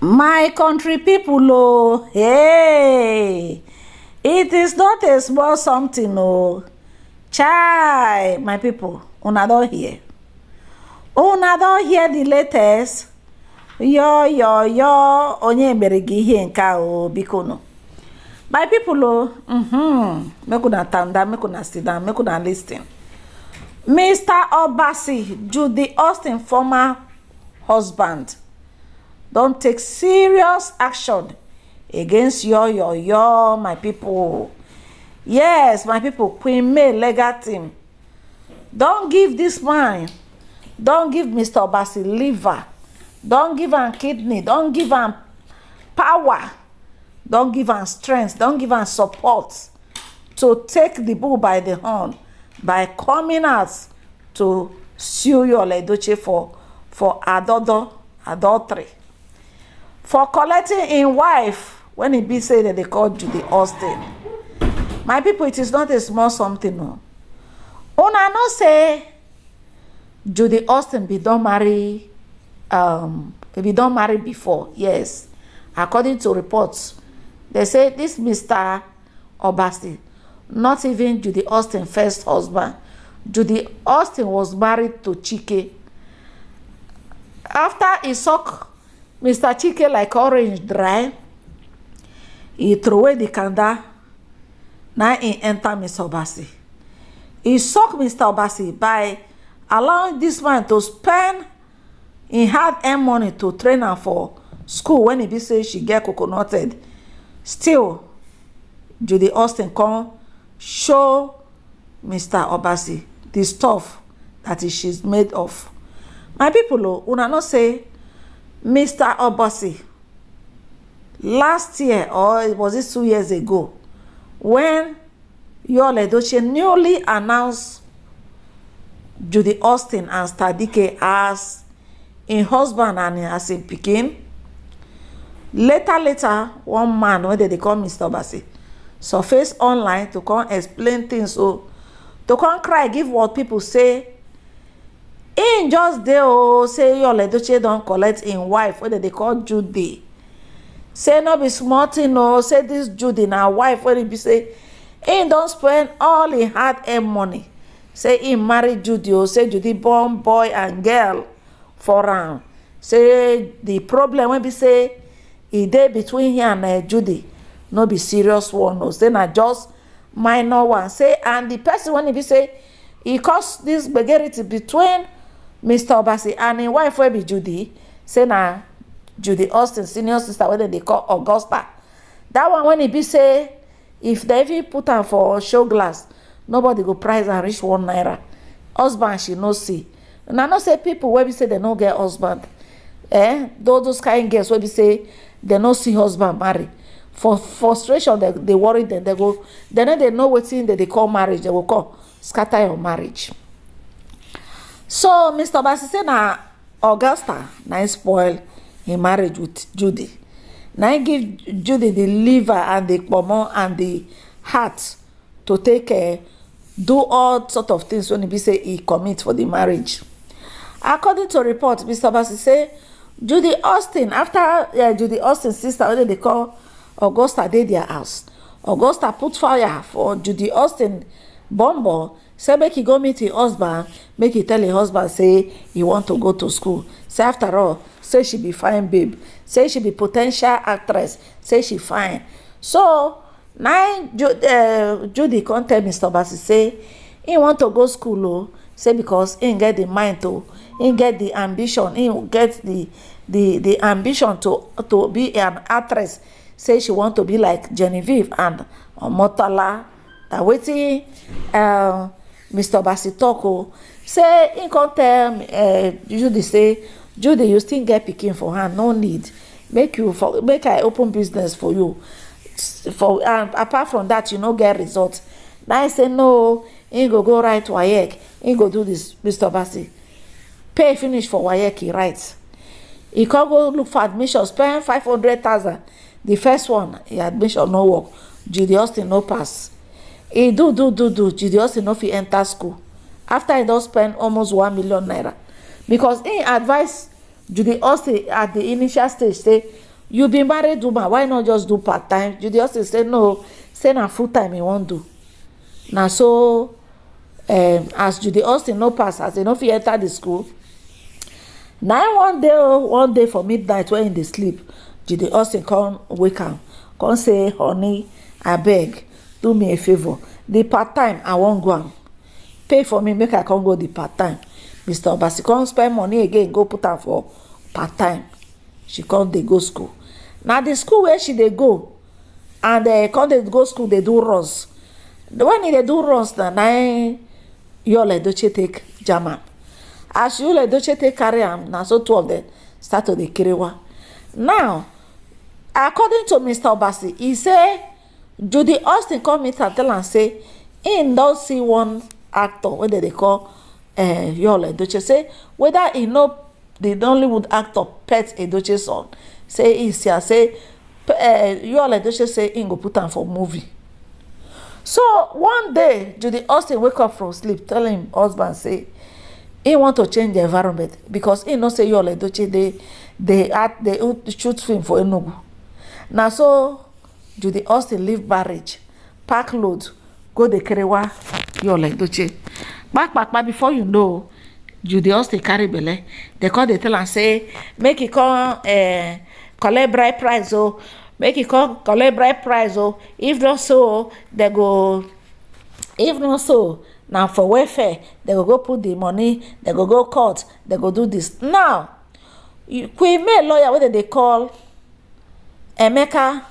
my country people oh, hey, it is not a small something oh, chai my people una don hear una don hear the latest yo yo yo onye mere gị ihe nka o biko nụ my people oh, mhm make una stand down make una sit down make una lis mr obasi judy austin former husband don take serious action against your your your my people yes my people queen may legal team don give this man don give mr obasi liver don give am kidney don give am power don give am strength don give am support to take the bull by the horn by coming out to sue yul edochie for for adodo adultery for collecting im wife when e be say that they call judy austin my people, it is not a small something o una know say judy austin be don marry um bin don marry before yes according to reports they say this mr obasi not even judy austin first husband judy austin was married to chike after he suck mr chike like orange dry He e away the kanda Now he enter mr obasi He shock mr obasi by allowing this man to spend im hard earned money to train am for school When he be say she get coconuted still judy austin come show mr obasi the stuff that she's made of my pipo oh, una know say Mr. Obasi last year or was it two years ago when Yul Edochie newly announced Judy Austin and Stadike as a husband and as im pikin later later one man wey they call Mr. Obasi surface online to come explain things so to come cry give what people say him just dey o say yul edochie don collect him wife wey dem dey call judy say no be small tin o say dis judy na wife wey e be say him don spend all him e hard-earned money say him marry judy o say judy born boy and girl for am say di problem wey be say e dey between him and eh, judy no be serious one o say na just minor one say and di person wey e be say e cause dis gbege between mr obasi and im wife wey be judy say na judy austin senior sister wey dem dey call augusta dat one wen e be say if dem even put am for show glass nobody go price am reach one naira husband she no see and i know say people wey be say dem no get husband eh those kind girls wey be say dem no see husband marry for frustration dem dey worry dem dem no dey know wetin dem dey call marriage dem go call scatter your marriage so mr Bassi say na augusta na e spoil him marriage with judy na him e give judy the liver and the pomo and the heart to take care, eh, do all sort of things when he say he commit for the marriage according to report mr Bassi say judy austin after uh, judy austin sister when they call augusta dey their house augusta put fire for judy austin bumble say make he go meet im husband make he tell im husband say he want to go to school say after all say she be fine babe say she be po ten tial actress say she fine so na judy eh, come tell mr obasi say he want to go school o oh. say because im get the mind to oh. im get the ambition im get the the the ambition to to be an actress say she want to be like genevieve and omotala na wetin um, mr obasi tok say he come tell judy say judy you still get pikin for her. no need make you for make i open business for you for and apart from that you no get result Now he say no he go go write waec he go do this mr obasi pay finish for waec he write he come go look for admission spend five hundred thousand the first one he admission no work judy austin no pass He eh, do do do do jide no fit enter school After he don spend almost one million naira because im advice jide austin at the initial stage say you be married woman why not just do part time jide austin say no say na full time he wan do na so um, as judy austin no pass as he no fit enter the school na one day oh, one day for midnight wen e dey sleep judy austin come wake am come say honey abeg do me a favor. the part time i wan go am pay for me make i come go the part time mr obasi come spend money again go put am for part time she come dey go school na the school where she dey go and uh, come dey go school dey do runs when e dey do runs na na yul edochie take jam am as yul edochie take carry am na so two of dem start to dey kerewa now according to mr obasi e say judy austin come meet am tell am say im don see one actor wey dem dey call eh, yul edoche say whether e know di nollywood actor pet edoche son say e see am say eh, yul edoche say im go put am for movie so one day judy austin wake up from sleep tell im husband say he want to change di environment because he know say yul edoche dey shoot film for enugu na so judy austin leave barrage pack load go dey kerewa yola edoche kpakpakpa before you know judy austin carry belle dem come dey tell am say make e come uh, collect bride price o oh. make e come collect bride price o oh. if not so dem go if not so na for welfare dem go go put the money dem go go court dem go do this. now queen may lawyer wey dem dey call emeka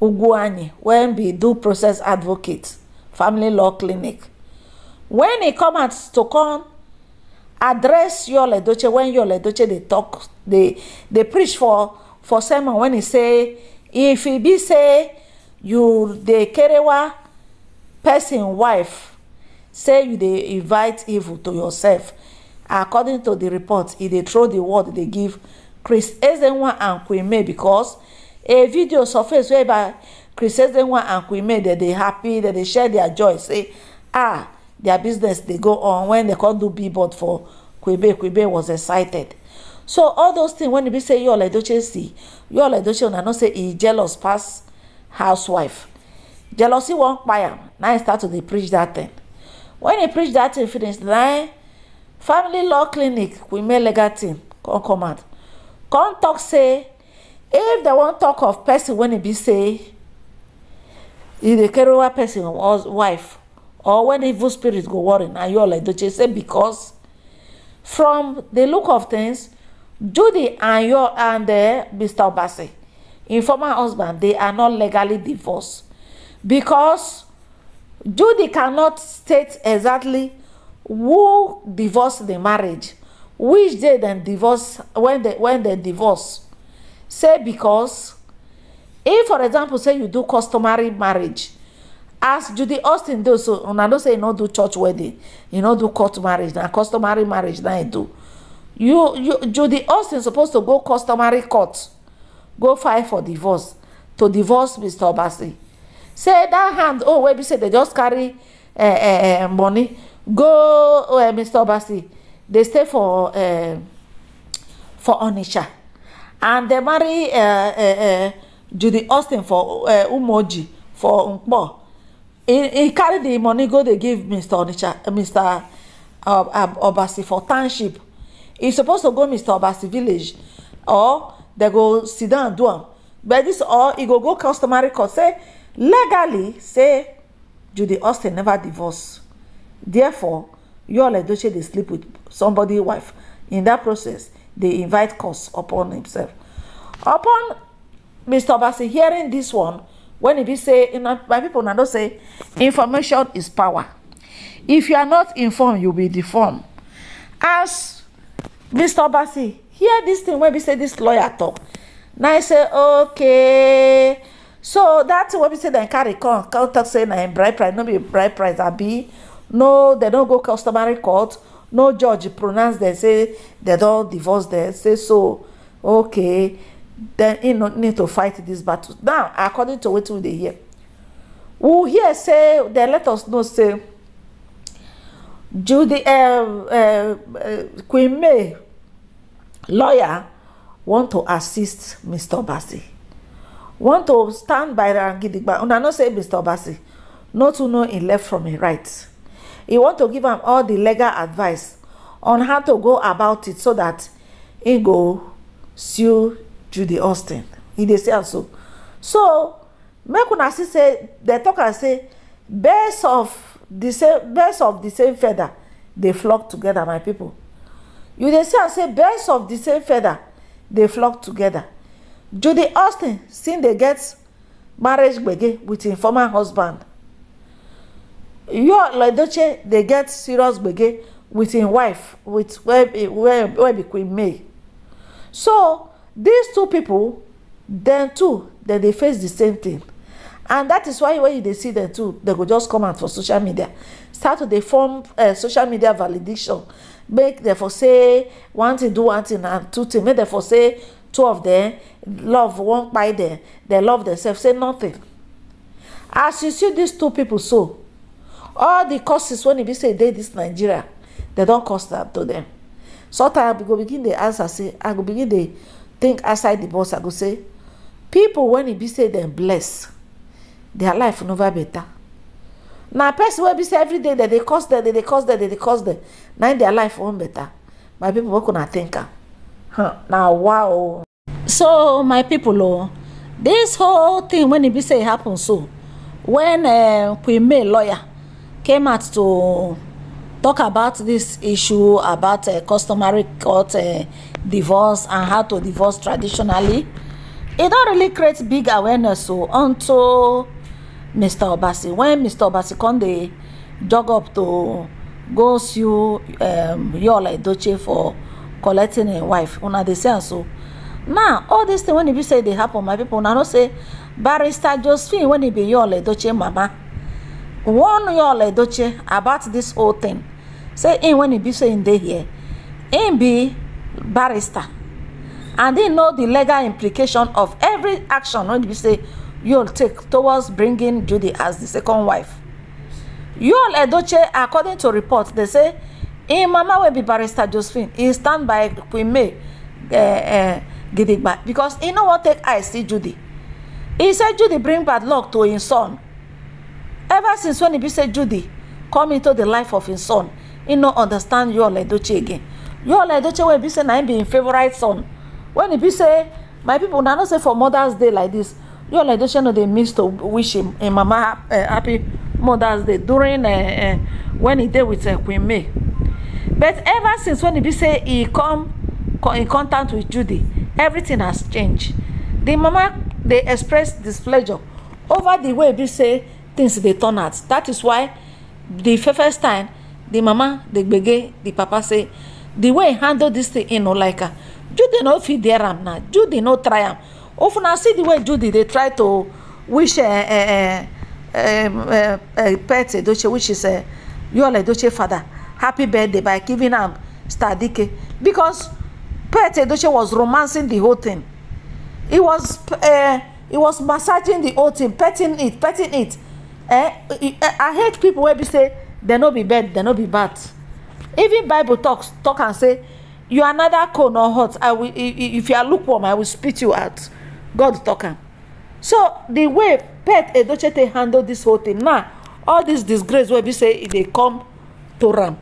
uguanyi wey be due process advocate family law clinic When e come out to come address yul edoche When yul edoche dey talk dey preach for for sermon When e say if e be say you dey kerewa person wife say you dey invite evil to yourself according to the report e dey throw the word dey give chris ezenwa and queen may becos a video surface by christian one and queen may dem dey happy dem dey share their joy say ah their business dey go on when dem come do billboard for quebe quebe was excited so all those things when e be say you yul edoche see yul edoche una know say e jealous pass housewife jealousy wan kpai am na e start to dey preach that thing when e preach that thing finish na family law clinic women legal team come come out come talk say if dem wan talk of person when e be say e dey carry one person or wife or when evil spirits go worry na you all edoche say because from the look of things judy and your and uh, mr obasi im former husband they are not legally divorced because judy cannot state exactly who divorced the marriage which day then divorce when they when they divorce say because if for example say you do customary marriage as judy austin do so una know say e no do church wedding e no do court marriage na customary marriage na e do you you judy austin suppose to go customary court go file for divorce to divorce mr obasi say that hand oh wey be say dey just carry eh, eh, eh, money go mr obasi dey stay for for onitsha and they marry eh, eh, eh, judy austin for umoji for nkpo he carry the money go they give mr Mr. obasi for township e supposed to go mr obasi village or they go sit down and do them. but this all he go go customary court say legally say judy austin never divorce therefore you all yul edoche they sleep with somebody wife in that process they invite curse upon himself upon mr obasi hearing this one when he be say my people, na know say information is power if you are not informed you be deformed as mr obasi hear this thing when be say this lawyer talk, now he say okay so that's what we say Then carry come talk say na bribe price no be bribe price be no They don't go customary court no judge pronounce dem say dem don divorce dem say so okay then he no need to fight this battle now according to wetin we dey hear we hear say they let us know say judy um, um, uh, queen may lawyer want to assist mr obasi want to stand by gidigba una know say mr obasi no too know im left from im right e want to give am all the legal advice on how to go about it so that he go sue judy austin He dey say am so so make una see say dem talk am say birds of the same birds of the same feather dey flock together my people. you dey see am say birds of the same feather dey flock together judy austin still dey get marriage gbege with im former husband yor loidoche dey get serious gbege with im wife wit wey be queen may so these two people, dem too dem dey face the same thing, and that is why when you dey see them too they go just come out for social media start to dey form eh, social media validation make dem for say one thing do one thing and two thing make dem for say two of them love one kpai them they love themselves say nothing as you see these two people so all the courses when e be say they this nigeria they don't cost that to them. sometimes i go begin the answer say i go begin the think outside the box i go say people when e be say dem bless their life never better. Now person wey be say everyday dem dey cost dem dem they cost that they dey cost dem na im life wan better. my people wey una think am na wow so my people, oh, this whole thing when e be say e happen so wen we eh, may lawyer came out to talk about this issue about uh, customary court uh, divorce and how to divorce traditionally e don really create big awareness o oh, unto mr obasi when mr obasi come dey jog up to go sue um, yola edochie for collecting im wife una dey see am so now all dis thing wey e be say dey happen my people una know say barrister josephine wey e be yola edochie mama one y'all edoche about this whole thing say him when he be say him dey here him be barrister and him know the legal implication of every action wey be say you'll take towards bringing judy as the second wife you'll edoche according to report dey say him mama wey be barrister josephine he stand by queen may eh, eh, gidigba because he no wan take eye see judy He say judy bring bad luck to him son Ever since when he be Ibise Judy come into the life of his son, he no understand Yul Edochie again. Yul Edochie wey be say na him be him favourite son. When he be say my people na know say for Mother's Day like this, Yul Edochie no dey miss to wish him, him mama uh, happy Mother's Day during uh, uh, when he dey with uh, Queen May. But ever since when he be say he come in contact with Judy, everything has changed. The mama dey express displeasure over the way he be say things dey turn out that is why the first time the mama the gbege the papa say the way he handle this thing he no like am ah, judy no fit dare am now judy no try am of una see the way judy dey try to wish uh, uh, uh, uh, uh, pet edoche which is uh, yul edoche father happy birthday by giving am stardike because pet edoche was romancing the whole thing he was uh, he was massaging the whole thing petting it petting it eh i hate people wey be say dem no be bird dem no be bat even bible talk talk am say you are neither cold nor hot i will if you are lukewarm i will spit you out god talk am so the way pet edoche take handle this whole thing now all this disgrace wey be say e dey come to am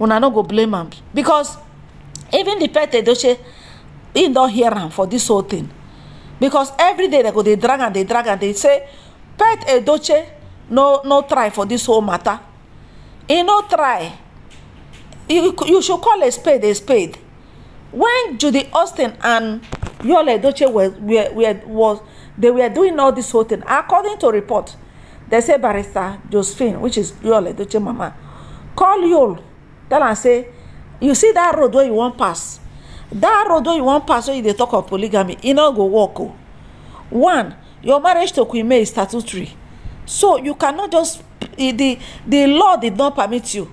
una no go blame am because even the pet edoche he don hear am for this whole thing because every day they go dey drag am dey drag am dey say pet edoche no no try for this whole matter e no try you you should call a spade a spade When judy austin and yul edoche were were were were was they doing all this whole thing according to report they say barrister josephine which is yul edoche mama call Yol, tell am say you see that road where you wan pass that road wey you wan pass wey you dey talk of polygamy e no go work o oh. one your marriage to queen may is statutory so you cannot just eh, the the law did not permit you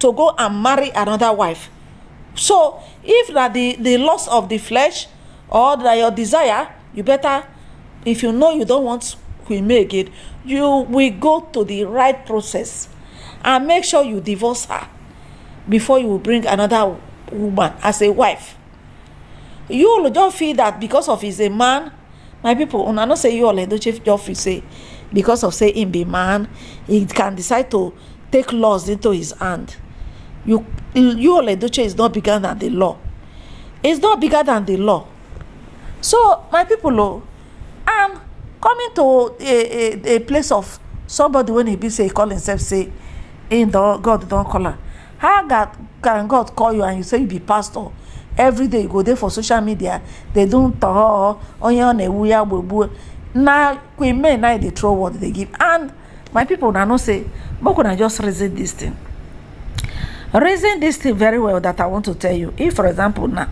to go and marry another wife so if na the the loss of the flesh or na your desire you better if you know you don want women again you will go to the right process and make sure you divorce her before you bring another woman as a wife you all just feel that because of he's a man my people una know say you all edoche just feel say because of say him be man he can decide to take laws into his hand you you Oledoche is not bigger than the law it's not bigger than the law so my people oh i'm coming to a a a place of somebody wey e be say e call himself say him don god don call am how god can god call you and you say you be pastor every day you go dey for social media dey do ntọọ oh, onye ọ na-ewu ya gbogbo na queen may na e dey throw what dey give and my people na know say make una just reason this thing reason this thing very well that i want to tell you if for example na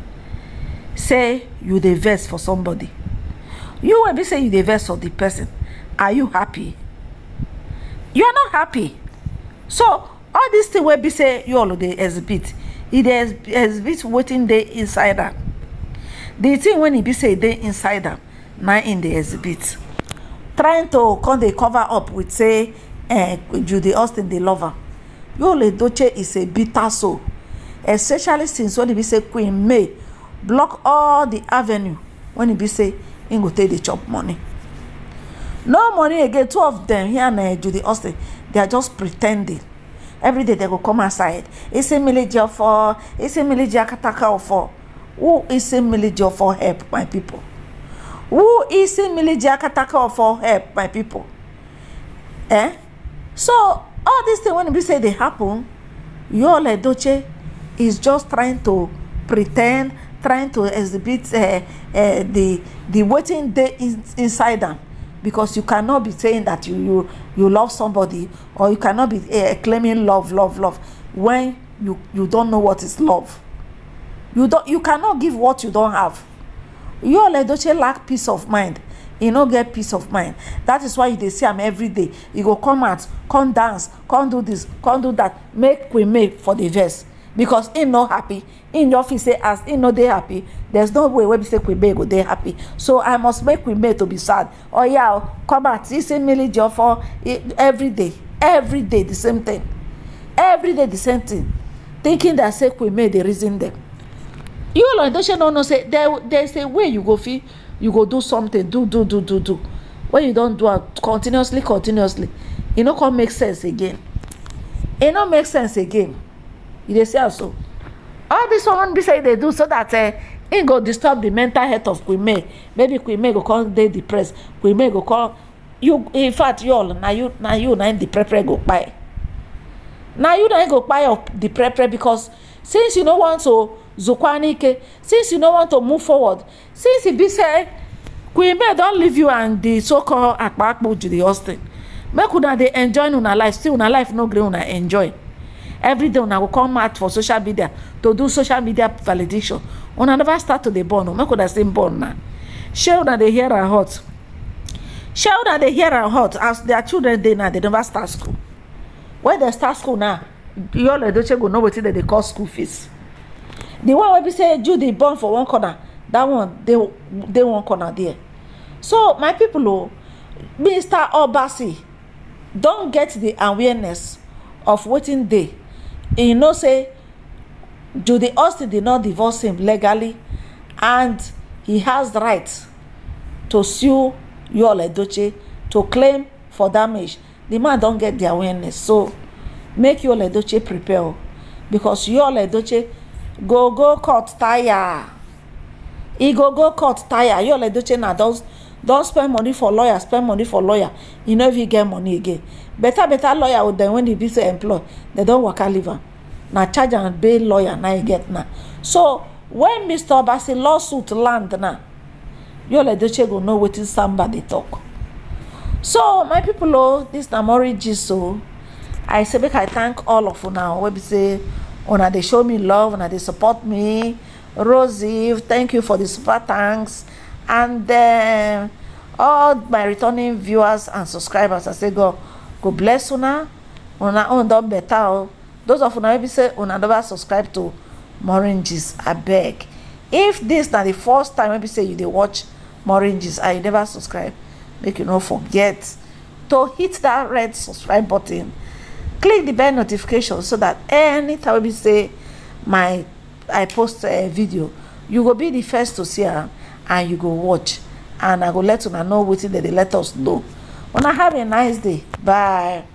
say you dey vex for somebody you wey be say you dey vex for the person are you happy you are not happy so all this thing wey be say you all dey exhibit e dey exhibit wetin dey inside am The thing wey e be say e dey inside am na im dey exhibit trying to come dey cover up with say eh, judy austin dey love her yole doche is a bitter soul especially since when e be say queen may block all di avenue when e be say im go take dey chop money no money again two of dem here eh, na judy austin they are just pretending every day they go come outside isimiliji ofo isimiliji akataka for? who isimiliji for? help my people who is in military akataka for help my people eh so all these things when we say they happen your like eh, doche is just trying to pretend trying to exhibit uh, uh, the the waiting day in, inside them because you cannot be saying that you you you love somebody or you cannot be uh, claiming love love love when you you don't know what is love you don't you cannot give what you don't have You don't edoche lack peace of mind You no get peace of mind that is why you dey see am day You go come out come dance come do this come do that make we make for the verse because him no happy him no fit say as him no dey happy there's no way wey be say queen may go dey happy so i must make queen may to be sad oya oh, yeah, oh, come out see say millie every day every day the same thing every day the same thing thinking that say queen may dey reason them even like doche no know say there there's a way you go fit you go do something do do do do do when you don do am continuously continuously e no come make sense again e no make sense again you dey see am so all this one be say e dey do so that uh, e go disturb the mental health of queen may maybe queen may go come dey depressed queen may go come you in fact you all na you na you na im the prepare go kpai na you na go kpai of the prepare because since you no want to zokwa n'ike since you no want to move forward since e be say queen may don leave you and the so called akpakpo judy austin make una dey enjoy una life still una life no gree una enjoy Every day una go come out for social media to do social media validation una never start to dey born o make una say born na shey una dey hear am hot shey una dey hear am hot as their children dey now they never start school when dem start school now yall edoche go know wetin dem dey call school fees the one wey be say jew dey born for one corner that one dey one corner there so my people o oh, minister obasi don get the awareness of wetin dey e know say judy austin did not divorce him legally and he has the right to sue yul edochie to claim for damage the man don get the awareness so make yul edochie prepare o oh, because yul edochie go go court tire e go go court tire yul edoche na don spend money for lawyer spend money for lawyer e no even get money again better better lawyer o dem wen e be say employ dem don waka leave am na charge and bail lawyer na e get now so wen mr obasi lawsuit land now yul edoche go know wetin samba dey talk so my people o oh, this na mori gist o oh. i say make i thank all of una oh, wey be say una they show me love una they support me rosie thank you for the super thanks and then all my returning viewers and subscribers i say god go bless una una own don better oh. those of una wey be say una never subscribe to moranges beg. if this na the first time maybe say you they watch moranges and you never subscribe make you not forget to hit that red subscribe button click the bell notification so that anytime wey be say my i post a video you go be the first to see am and you go watch and i go let una know wetin dem dey let us know una have a nice day bye.